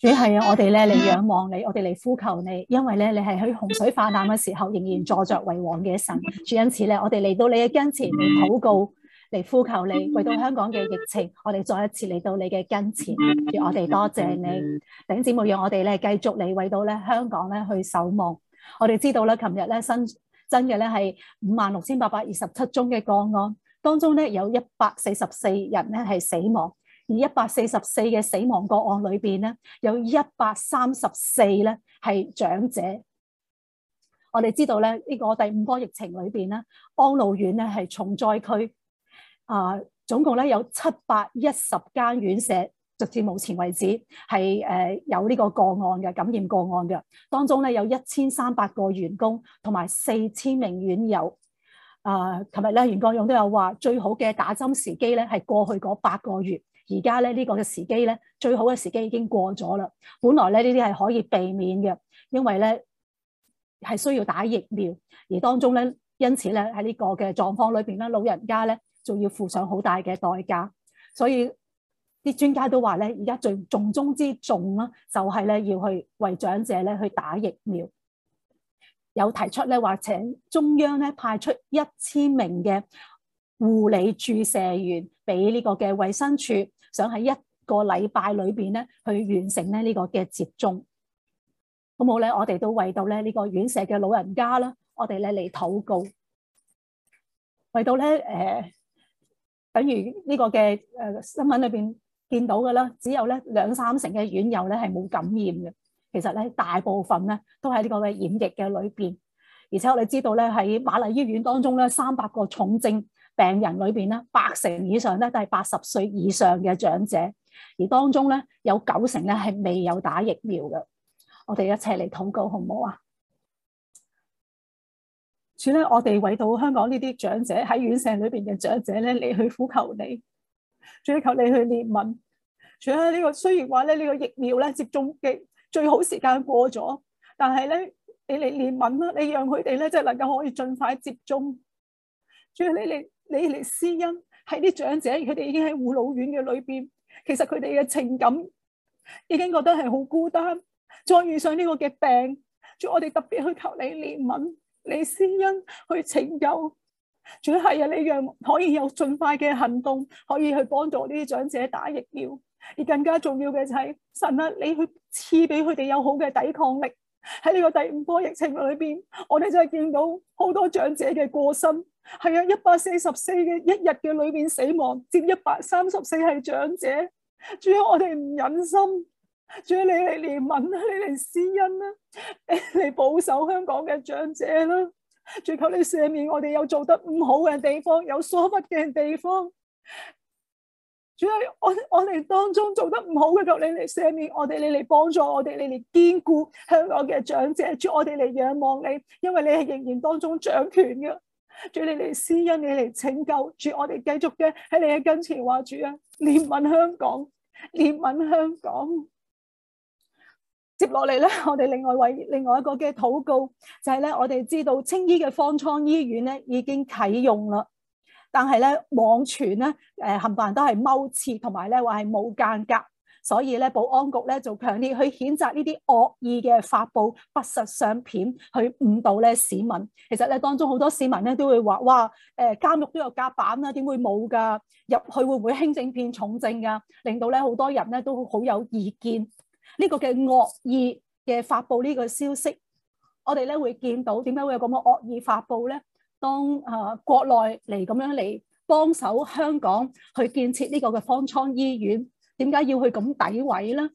主係啊！我哋咧嚟仰望你，我哋嚟呼求你，因為咧你係喺洪水泛濫嘅時候仍然坐着為王嘅神。主因此咧，我哋嚟到你嘅跟前嚟禱告，嚟呼求你，為到香港嘅疫情，我哋再一次嚟到你嘅跟前，我哋多謝你，弟兄姊妹，讓我哋咧繼續嚟為到咧香港咧去守望。我哋知道咧，琴日咧新增嘅咧係五萬六千八百二十七宗嘅個案，當中咧有一百四十四人咧係死亡。而一百四十四嘅死亡個案裏邊咧，有一百三十四咧係長者。我哋知道咧，呢個第五波疫情裏邊咧，安老院咧係重災區啊。總共咧有七百一十間院舍，直至目前為止係誒有呢個個案嘅感染個案嘅，當中咧有一千三百個員工同埋四千名院友。啊，琴日咧袁國勇都有話，最好嘅打針時機咧係過去嗰八個月。而家咧呢個嘅時機咧，最好嘅時機已經過咗啦。本來咧呢啲係可以避免嘅，因為咧係需要打疫苗，而當中咧因此咧喺呢個嘅狀況裏邊咧，老人家咧仲要付上好大嘅代價。所以啲專家都話咧，而家最重中之重啦，就係咧要去為長者咧去打疫苗。有提出咧，話請中央咧派出一千名嘅護理注射員。俾呢個嘅衛生署想喺一個禮拜裏邊咧，去完成咧呢個嘅接種。咁好咧，我哋都為到咧呢個院舍嘅老人家啦，我哋咧嚟禱告，為到咧誒、呃，等於呢個嘅誒、呃、新聞裏邊見到嘅啦，只有咧兩三成嘅院友咧係冇感染嘅，其實咧大部分咧都喺呢個嘅染疫嘅裏邊，而且我哋知道咧喺瑪麗醫院當中咧三百個重症，病人裏邊咧，八成以上咧都係八十歲以上嘅長者，而當中咧有九成咧係未有打疫苗嘅。我哋一齊嚟禱告，好唔好啊？主咧，我哋為到香港呢啲長者喺院舍裏邊嘅長者咧，你去苦求，求你，追求你去憐憫。主咧，這個，呢個雖然話咧呢個疫苗咧接種嘅最好時間過咗，但係咧你嚟憐憫啦，你讓佢哋咧即係能夠可以儘快接種。主要你，你嚟。你嚟施恩喺啲長者，佢哋已經喺護老院嘅裏邊，其實佢哋嘅情感已經覺得係好孤單。再遇上呢個嘅病，主，我哋特別去求你憐憫，你施恩去拯救。主係啊，你讓可以有盡快嘅行動，可以去幫助呢啲長者打疫苗。而更加重要嘅就係神啊，你去賜俾佢哋有好嘅抵抗力。喺呢個第五波疫情裏邊，我哋真係見到好多長者嘅過身。係啊，一百四十四嘅一日嘅裏面死亡，佔一百三十四係長者。主啊我哋唔忍心。主啊你嚟憐憫啦，你嚟施恩啦，嚟保守香港嘅長者啦。主求你赦免我哋有做得唔好嘅地方，有疏忽嘅地方。主啊我我哋當中做得唔好嘅求你嚟赦免我哋，你嚟幫助我哋，你嚟堅固香港嘅長者。主，我哋嚟仰望你，因為你係仍然當中掌權嘅。主你嚟施恩，你嚟拯救，主我哋繼續嘅喺你嘅跟前話，主啊憐憫香港，憐憫香港。接落嚟咧，我哋另外位另外一個嘅禱告就係咧，我哋知道青衣嘅方艙醫院咧已經啟用啦，但係咧網傳咧誒，冚唪唥都係踎廁，同埋咧話係冇間隔。所以咧，保安局咧就強烈去譴責呢啲惡意嘅發布不實相片，去誤導咧市民。其實咧，當中好多市民咧都會話，哇，誒監獄都有夾板啦，點會冇㗎？入去會唔會輕症變重症㗎、啊？令到咧好多人咧都好有意見。呢、這個嘅惡意嘅發布呢個消息，我哋咧會見到點解會有咁嘅惡意發布咧？當啊、呃、國內嚟咁樣嚟幫手香港去建設呢個嘅方艙醫院。點解要去咁詆毀咧？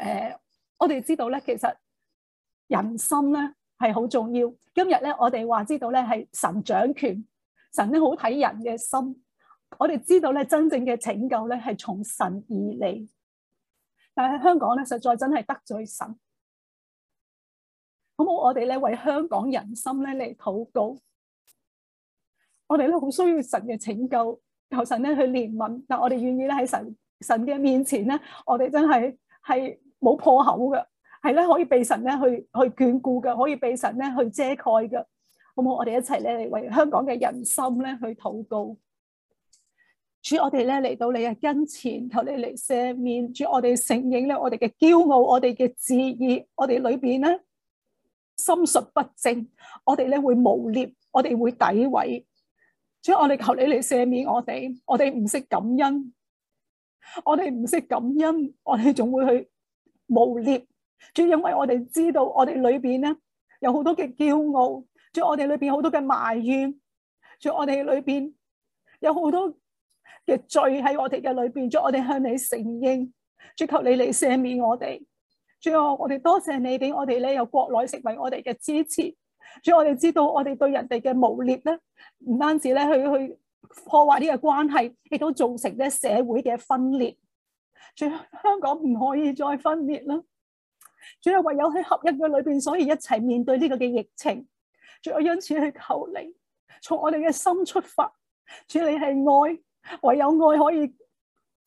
誒，我哋知道咧，其實人心咧係好重要。今日咧，我哋話知道咧係神掌權，神咧好睇人嘅心。我哋知道咧，真正嘅拯救咧係從神而嚟。但係香港咧，實在真係得罪神，好冇？我哋咧為香港人心咧嚟禱告。我哋咧好需要神嘅拯救，求神咧去憐憫。但係我哋願意喺神。神嘅面前咧，我哋真係係冇破口嘅，係咧可以被神咧去去眷顧嘅，可以被神咧去遮蓋嘅，好唔好？我哋一齊咧嚟為香港嘅人心咧去禱告。主，我哋咧嚟到你嘅跟前，求你嚟赦免。主，我哋承認咧，我哋嘅驕傲，我哋嘅自義，我哋裏邊咧心術不正，我哋咧會污蔑，我哋會詆毀。主，我哋求你嚟赦免我哋，我哋唔識感恩。我哋唔識感恩，我哋仲會去污衊。仲因為我哋知道我哋裏面呢，我哋裏邊咧有好多嘅驕傲，在我哋裏邊好多嘅埋怨，在我哋裏邊有好多嘅罪喺我哋嘅裏邊。在我哋向你承認，追求你嚟赦免我哋。主要我哋多謝你俾我哋咧有國內成為我哋嘅支持。主要我哋知道我哋對人哋嘅污衊咧，唔單止咧去去。去破壞呢個關係，亦都造成咧社會嘅分裂。全香港唔可以再分裂啦，主唯有喺合一嘅裏邊，所以一齊面對呢個嘅疫情，主因此去求你，從我哋嘅心出發，主你係愛，唯有愛可以。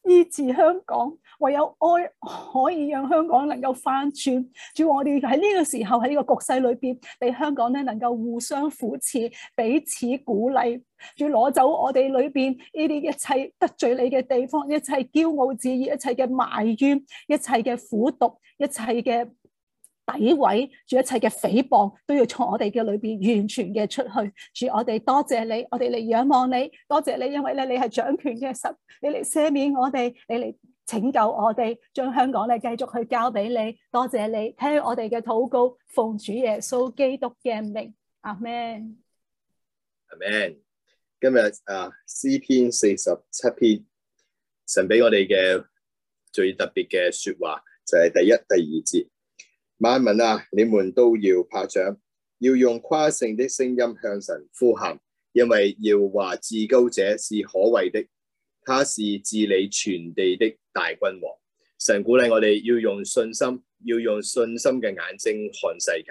醫治香港，唯有愛可以讓香港能夠翻轉。主，我哋喺呢個時候喺呢個局勢裏邊，俾香港咧能夠互相扶持，彼此鼓勵。要攞走我哋裏邊呢啲一切得罪你嘅地方，一切驕傲自義，一切嘅埋怨，一切嘅苦毒，一切嘅。詆毀住一切嘅誹謗都要從我哋嘅裏邊完全嘅出去。主，我哋多謝你,我哋嚟仰望你,多謝你，因為咧你係掌權嘅神，你嚟赦免我哋，你嚟拯救我哋，將香港咧繼續去交俾你。多謝你聽我哋嘅禱告，奉主耶穌基督嘅名，阿門，阿門。今日啊，詩篇四十七篇，神俾我哋嘅最特別嘅說話就係第一、第二節。萬民啊，你們都要拍掌，要用誇勝的聲音向神呼喊，因為要話至高者是可畏的，他是治理全地的大君王。神鼓勵我哋要用信心，要用信心嘅眼睛看世界，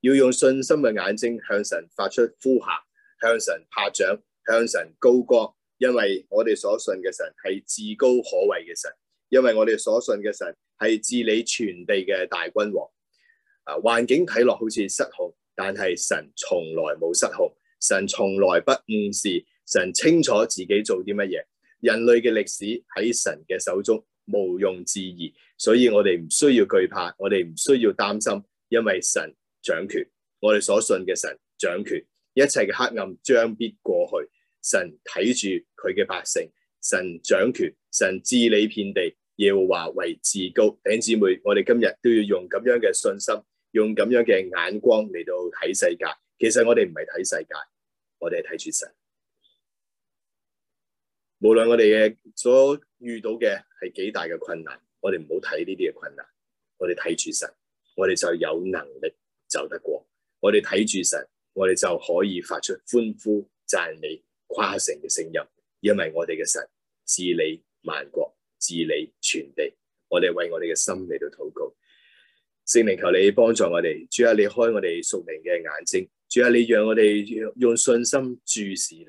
要用信心嘅眼睛向神發出呼喊，向神拍掌，向神高歌，因為我哋所信嘅神係至高可畏嘅神，因為我哋所信嘅神係治理全地嘅大君王。啊！環境睇落好似失控，但係神從來冇失控，神從來不誤事，神清楚自己做啲乜嘢。人類嘅歷史喺神嘅手中，毋庸置疑，所以我哋唔需要懼怕，我哋唔需要擔心，因為神掌權，我哋所信嘅神掌權，一切嘅黑暗將必過去。神睇住佢嘅百姓，神掌權，神治理遍地，耶和華為至高。弟兄姊妹，我哋今日都要用咁樣嘅信心。用咁樣嘅眼光嚟到睇世界，其實我哋唔係睇世界，我哋係睇住神。無論我哋嘅所遇到嘅係幾大嘅困難，我哋唔好睇呢啲嘅困難，我哋睇住神，我哋就有能力走得過。我哋睇住神，我哋就可以發出歡呼讚美跨城嘅聲音，因為我哋嘅神治理萬國，治理全地。我哋為我哋嘅心嚟到禱告。聖靈，求你幫助我哋。主啊，你開我哋屬靈嘅眼睛。主啊，你讓我哋用信心注視你，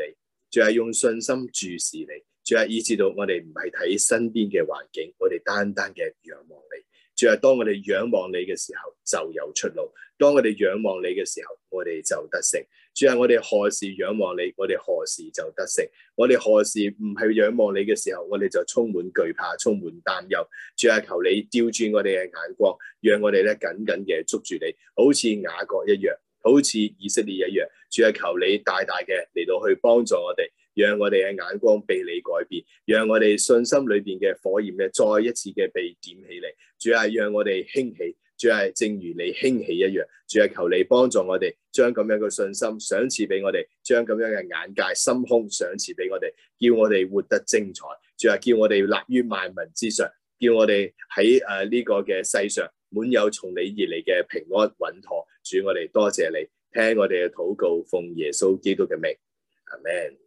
主啊，用信心注視你，主啊，以致到我哋唔係睇身邊嘅環境，我哋單單嘅仰望你。主啊，當我哋仰望你嘅時候就有出路；當我哋仰望你嘅時候，我哋就得勝。主啊，我哋何時仰望你，我哋何時就得勝。我哋何時唔係仰望你嘅時候，我哋就充滿懼怕、充滿擔憂。主啊，求你調轉我哋嘅眼光，讓我哋咧緊緊嘅捉住你，好似雅各一樣，好似以色列一樣。主啊，求你大大嘅嚟到去幫助我哋。讓我哋嘅眼光被你改變，讓我哋信心裏邊嘅火焰咧，再一次嘅被點起嚟。主啊，讓我哋興起，主啊，正如你興起一樣。主啊，求你幫助我哋，將咁樣嘅信心賞賜俾我哋，將咁樣嘅眼界心胸賞賜俾我哋，叫我哋活得精彩。主啊，叫我哋立於萬民之上，叫我哋喺誒呢個嘅世上滿有從你而嚟嘅平安穩妥。主，我哋多謝你，聽我哋嘅禱告，奉耶穌基督嘅名，Amen。